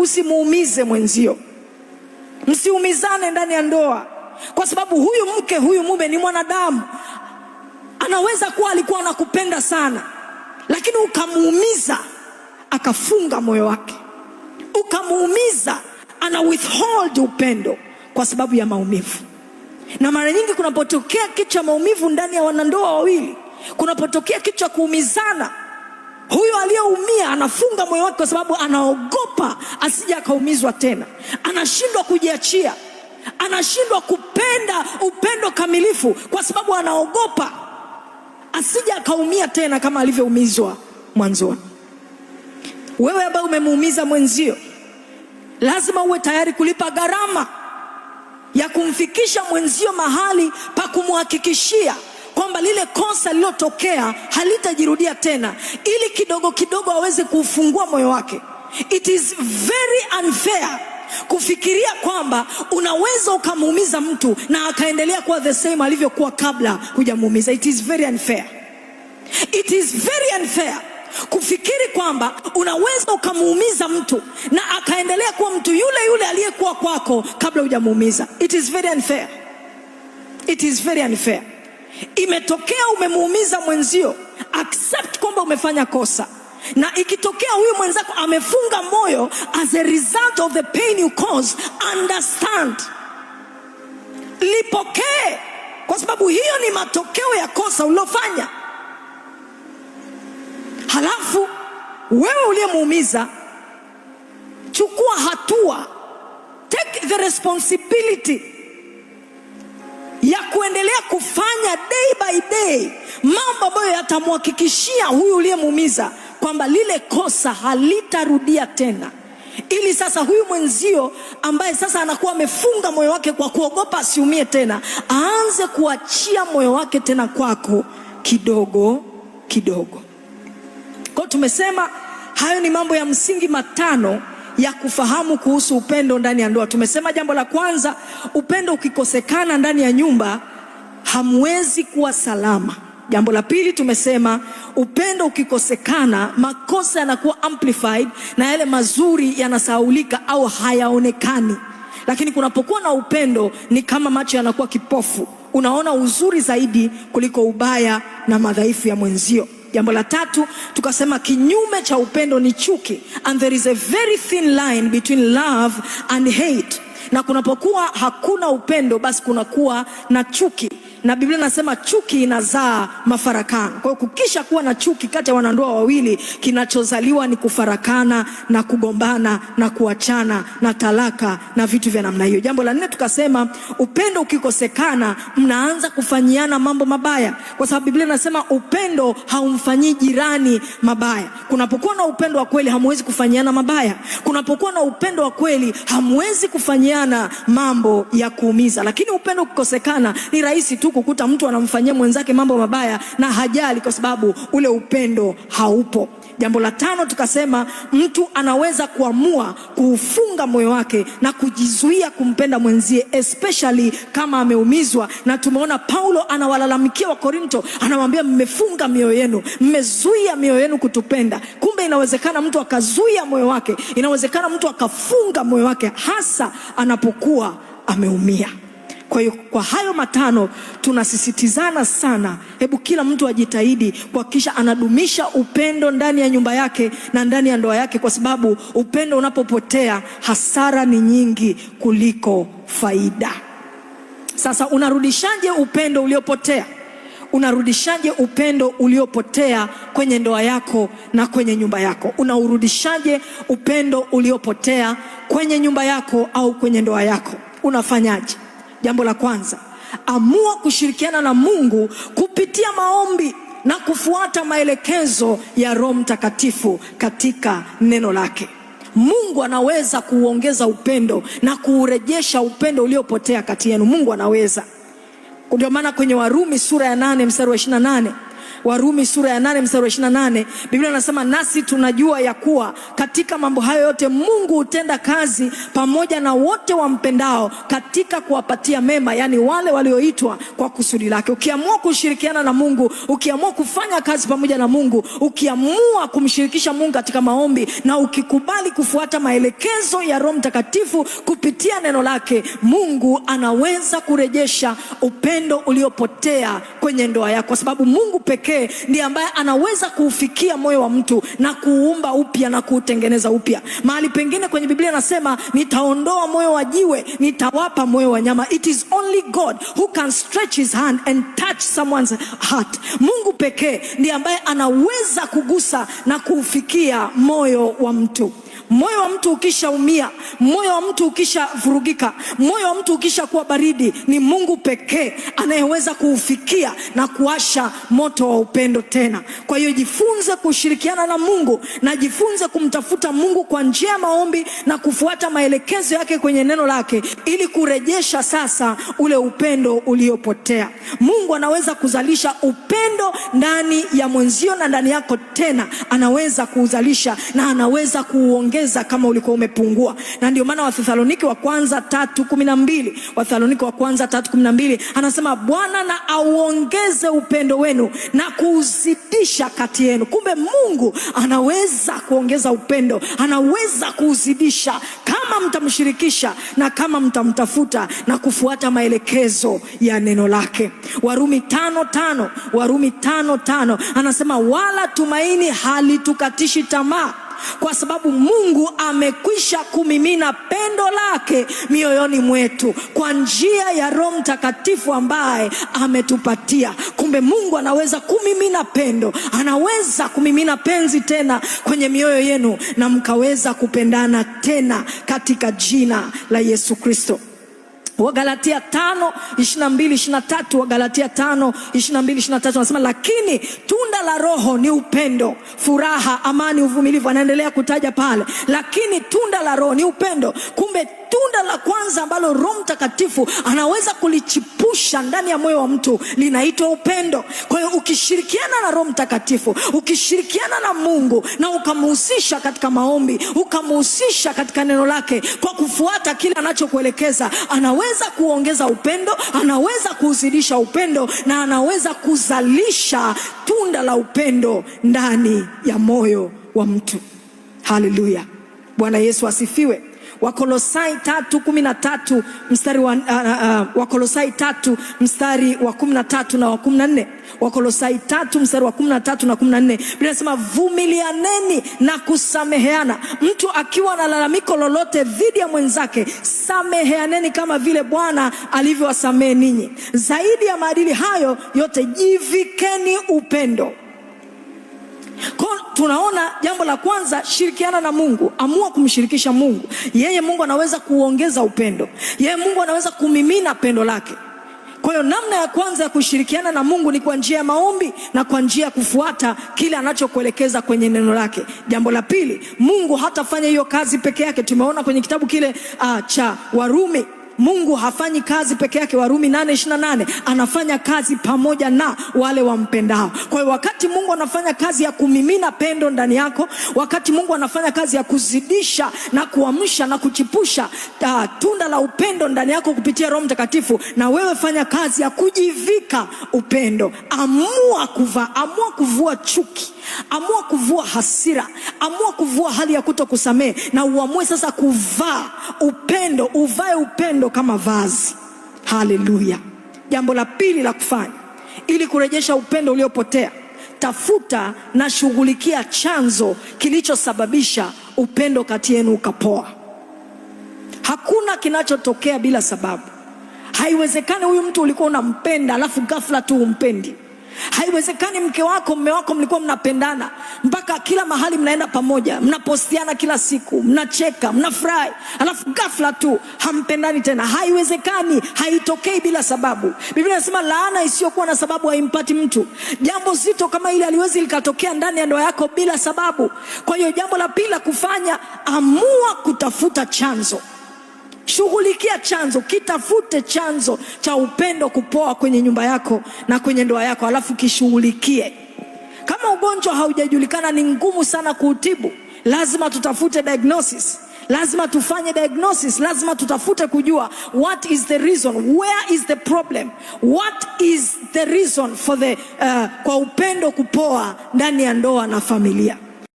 usimuumize mwenzio, msiumizane ndani ya ndoa, kwa sababu huyu mke huyu mume ni mwanadamu, anaweza kuwa alikuwa anakupenda sana, lakini ukamuumiza, akafunga moyo wake, ukamuumiza, ana withhold upendo kwa sababu ya maumivu. Na mara nyingi kunapotokea kitu cha maumivu ndani ya wanandoa wawili, kunapotokea kitu cha kuumizana huyo aliyeumia anafunga moyo wake kwa sababu anaogopa asije akaumizwa tena, anashindwa kujiachia, anashindwa kupenda upendo kamilifu kwa sababu anaogopa asije akaumia tena kama alivyoumizwa mwanzoni. Wewe ambaye umemuumiza mwenzio, lazima uwe tayari kulipa gharama ya kumfikisha mwenzio mahali pa kumhakikishia kwamba lile kosa lililotokea halitajirudia tena, ili kidogo kidogo aweze kuufungua moyo wake. It is very unfair kufikiria kwamba unaweza ukamuumiza mtu na akaendelea kuwa the same alivyokuwa kabla hujamuumiza. It is very unfair, it is very unfair kufikiri kwamba unaweza ukamuumiza mtu na akaendelea kuwa mtu yule yule aliyekuwa kwako kabla hujamuumiza. It is very unfair, it is very unfair imetokea umemuumiza mwenzio accept kwamba umefanya kosa na ikitokea huyu mwenzako amefunga moyo as a result of the pain you cause understand lipokee kwa sababu hiyo ni matokeo ya kosa ulilofanya halafu wewe uliyemuumiza chukua hatua take the responsibility ya kuendelea kufanya pay mambo ambayo yatamhakikishia huyu uliyemuumiza kwamba lile kosa halitarudia tena, ili sasa huyu mwenzio ambaye sasa anakuwa amefunga moyo wake kwa kuogopa asiumie tena, aanze kuachia moyo wake tena kwako kidogo kidogo. Kwa tumesema hayo ni mambo ya msingi matano ya kufahamu kuhusu upendo ndani ya ndoa. Tumesema jambo la kwanza, upendo ukikosekana ndani ya nyumba hamwezi kuwa salama. Jambo la pili tumesema upendo ukikosekana, makosa yanakuwa amplified na yale mazuri yanasaulika au hayaonekani. Lakini kunapokuwa na upendo, ni kama macho yanakuwa kipofu, unaona uzuri zaidi kuliko ubaya na madhaifu ya mwenzio. Jambo la tatu tukasema, kinyume cha upendo ni chuki, and there is a very thin line between love and hate. Na kunapokuwa hakuna upendo, basi kunakuwa na chuki na Biblia nasema chuki inazaa mafarakano. Kwa hiyo kukisha kuwa na chuki kati ya wanandoa wawili, kinachozaliwa ni kufarakana na kugombana na kuachana na talaka na vitu vya namna hiyo. Jambo la nne tukasema, upendo ukikosekana, mnaanza kufanyiana mambo mabaya, kwa sababu Biblia nasema upendo haumfanyii jirani mabaya. Kunapokuwa na upendo wa kweli, hamwezi kufanyiana mabaya. Kunapokuwa na upendo wa kweli, hamwezi kufanyiana mambo ya kuumiza. Lakini upendo ukikosekana, ni rahisi tu tu kukuta mtu anamfanyia mwenzake mambo mabaya na hajali, kwa sababu ule upendo haupo. Jambo la tano tukasema, mtu anaweza kuamua kuufunga moyo wake na kujizuia kumpenda mwenzie, especially kama ameumizwa. Na tumeona Paulo anawalalamikia wa korinto anawaambia mmefunga mioyo yenu, mmezuia mioyo yenu kutupenda. Kumbe inawezekana mtu akazuia moyo wake, inawezekana mtu akafunga moyo wake, hasa anapokuwa ameumia. Kwa hiyo kwa hayo matano tunasisitizana sana, hebu kila mtu ajitahidi kuhakikisha anadumisha upendo ndani ya nyumba yake na ndani ya ndoa yake, kwa sababu upendo unapopotea hasara ni nyingi kuliko faida. Sasa unarudishaje upendo uliopotea? Unarudishaje upendo uliopotea kwenye ndoa yako na kwenye nyumba yako? Unaurudishaje upendo uliopotea kwenye nyumba yako au kwenye ndoa yako? Unafanyaje? Jambo la kwanza, amua kushirikiana na Mungu kupitia maombi na kufuata maelekezo ya Roho Mtakatifu katika neno lake. Mungu anaweza kuuongeza upendo na kuurejesha upendo uliopotea kati yenu. Mungu anaweza. Ndio maana kwenye Warumi sura ya nane mstari wa ishirini nane Warumi sura ya nane mstari wa ishirini na nane Biblia anasema nasi tunajua ya kuwa katika mambo hayo yote Mungu hutenda kazi pamoja na wote wampendao katika kuwapatia mema, yaani wale walioitwa kwa kusudi lake. Ukiamua kushirikiana na Mungu, ukiamua kufanya kazi pamoja na Mungu, ukiamua kumshirikisha Mungu katika maombi na ukikubali kufuata maelekezo ya Roho Mtakatifu kupitia neno lake, Mungu anaweza kurejesha upendo uliopotea kwenye ndoa yako, kwa sababu Mungu pekee pekee ndiye ambaye anaweza kuufikia moyo wa mtu na kuumba upya na kuutengeneza upya. Mahali pengine kwenye Biblia anasema nitaondoa moyo wa jiwe, nitawapa moyo wa nyama. It is only God who can stretch his hand and touch someone's heart. Mungu pekee ndiye ambaye anaweza kugusa na kuufikia moyo wa mtu. Moyo wa mtu ukishaumia, moyo wa mtu ukishavurugika, moyo wa mtu ukishakuwa baridi, ni Mungu pekee anayeweza kuufikia na kuasha moto wa upendo tena. Kwa hiyo jifunze kushirikiana na Mungu na jifunze kumtafuta Mungu kwa njia ya maombi na kufuata maelekezo yake kwenye neno lake, ili kurejesha sasa ule upendo uliopotea. Mungu anaweza kuzalisha upendo ndani ya mwenzio na ndani yako, tena anaweza kuuzalisha na anaweza kuuongeza kuongeza kama ulikuwa umepungua, na ndio maana Wathesaloniki wa kwanza tatu kumi na mbili Wathesaloniki wa kwanza tatu kumi na mbili anasema Bwana na auongeze upendo wenu na kuuzidisha kati yenu. Kumbe Mungu anaweza kuongeza upendo, anaweza kuuzidisha kama mtamshirikisha na kama mtamtafuta na kufuata maelekezo ya neno lake. Warumi tano tano Warumi tano tano anasema wala tumaini halitukatishi tamaa kwa sababu Mungu amekwisha kumimina pendo lake mioyoni mwetu kwa njia ya Roho Mtakatifu ambaye ametupatia. Kumbe Mungu anaweza kumimina pendo, anaweza kumimina penzi tena kwenye mioyo yenu na mkaweza kupendana tena katika jina la Yesu Kristo. Wagalatia 5:22 23, Wagalatia 5:22 23 anasema, lakini tu la Roho ni upendo, furaha, amani, uvumilivu, anaendelea kutaja pale, lakini tunda la Roho ni upendo. Kumbe tunda la kwanza ambalo Roho Mtakatifu anaweza kulichipusha ndani ya moyo wa mtu linaitwa upendo. Kwa hiyo ukishirikiana na Roho Mtakatifu, ukishirikiana na Mungu na ukamhusisha katika maombi, ukamhusisha katika neno lake kwa kufuata kile anachokuelekeza, anaweza kuongeza upendo, anaweza kuuzidisha upendo na anaweza kuzalisha tunda la upendo ndani ya moyo wa mtu. Haleluya! Bwana Yesu asifiwe. Wakolosai tatu kumi na tatu mstari wa, uh, uh, Wakolosai tatu mstari wa kumi na tatu na wa kumi na nne Wakolosai tatu mstari wa kumi na tatu na kumi na nne Biblia inasema vumilianeni na kusameheana. Mtu akiwa na lalamiko lolote dhidi ya mwenzake, sameheaneni kama vile Bwana alivyowasamehe ninyi. Zaidi ya maadili hayo yote, jivikeni upendo tunaona jambo la kwanza, shirikiana na Mungu, amua kumshirikisha Mungu. Yeye Mungu anaweza kuongeza upendo, yeye Mungu anaweza kumimina pendo lake. Kwa hiyo namna ya kwanza ya kushirikiana na Mungu ni kwa njia ya maombi na kwa njia ya kufuata kile anachokuelekeza kwenye neno lake. Jambo la pili, Mungu hatafanya hiyo kazi peke yake. Tumeona kwenye kitabu kile uh, cha Warumi Mungu hafanyi kazi peke yake, Warumi 8:28 anafanya kazi pamoja na wale wampendao. Kwa hiyo wakati Mungu anafanya kazi ya kumimina pendo ndani yako, wakati Mungu anafanya kazi ya kuzidisha na kuamsha na kuchipusha uh, tunda la upendo ndani yako kupitia Roho Mtakatifu, na wewe fanya kazi ya kujivika upendo. Amua kuvaa, amua kuvua chuki, amua kuvua hasira, amua kuvua hali ya kuto kusamehe, na uamue sasa kuvaa upendo, uvae upendo kama vazi. Haleluya! Jambo la pili la kufanya ili kurejesha upendo uliopotea, tafuta na shughulikia chanzo kilichosababisha upendo kati yenu ukapoa. Hakuna kinachotokea bila sababu. Haiwezekani huyu mtu ulikuwa unampenda alafu ghafla tu umpendi. Haiwezekani mke wako mme wako mlikuwa mnapendana mpaka kila mahali mnaenda pamoja, mnapostiana kila siku, mnacheka, mnafurahi, alafu ghafla tu hampendani tena. Haiwezekani, haitokei bila sababu. Biblia inasema laana isiyokuwa na sababu haimpati mtu. Jambo zito kama ile haliwezi likatokea ndani ya ndoa yako bila sababu. Kwa hiyo jambo la pili la kufanya, amua kutafuta chanzo. Shughulikia chanzo, kitafute chanzo cha upendo kupoa kwenye nyumba yako na kwenye ndoa yako, alafu kishughulikie. Kama ugonjwa haujajulikana, ni ngumu sana kuutibu. Lazima tutafute diagnosis, lazima tufanye diagnosis, lazima tutafute kujua what is the reason, where is the problem, what is the reason for the uh, kwa upendo kupoa ndani ya ndoa na familia.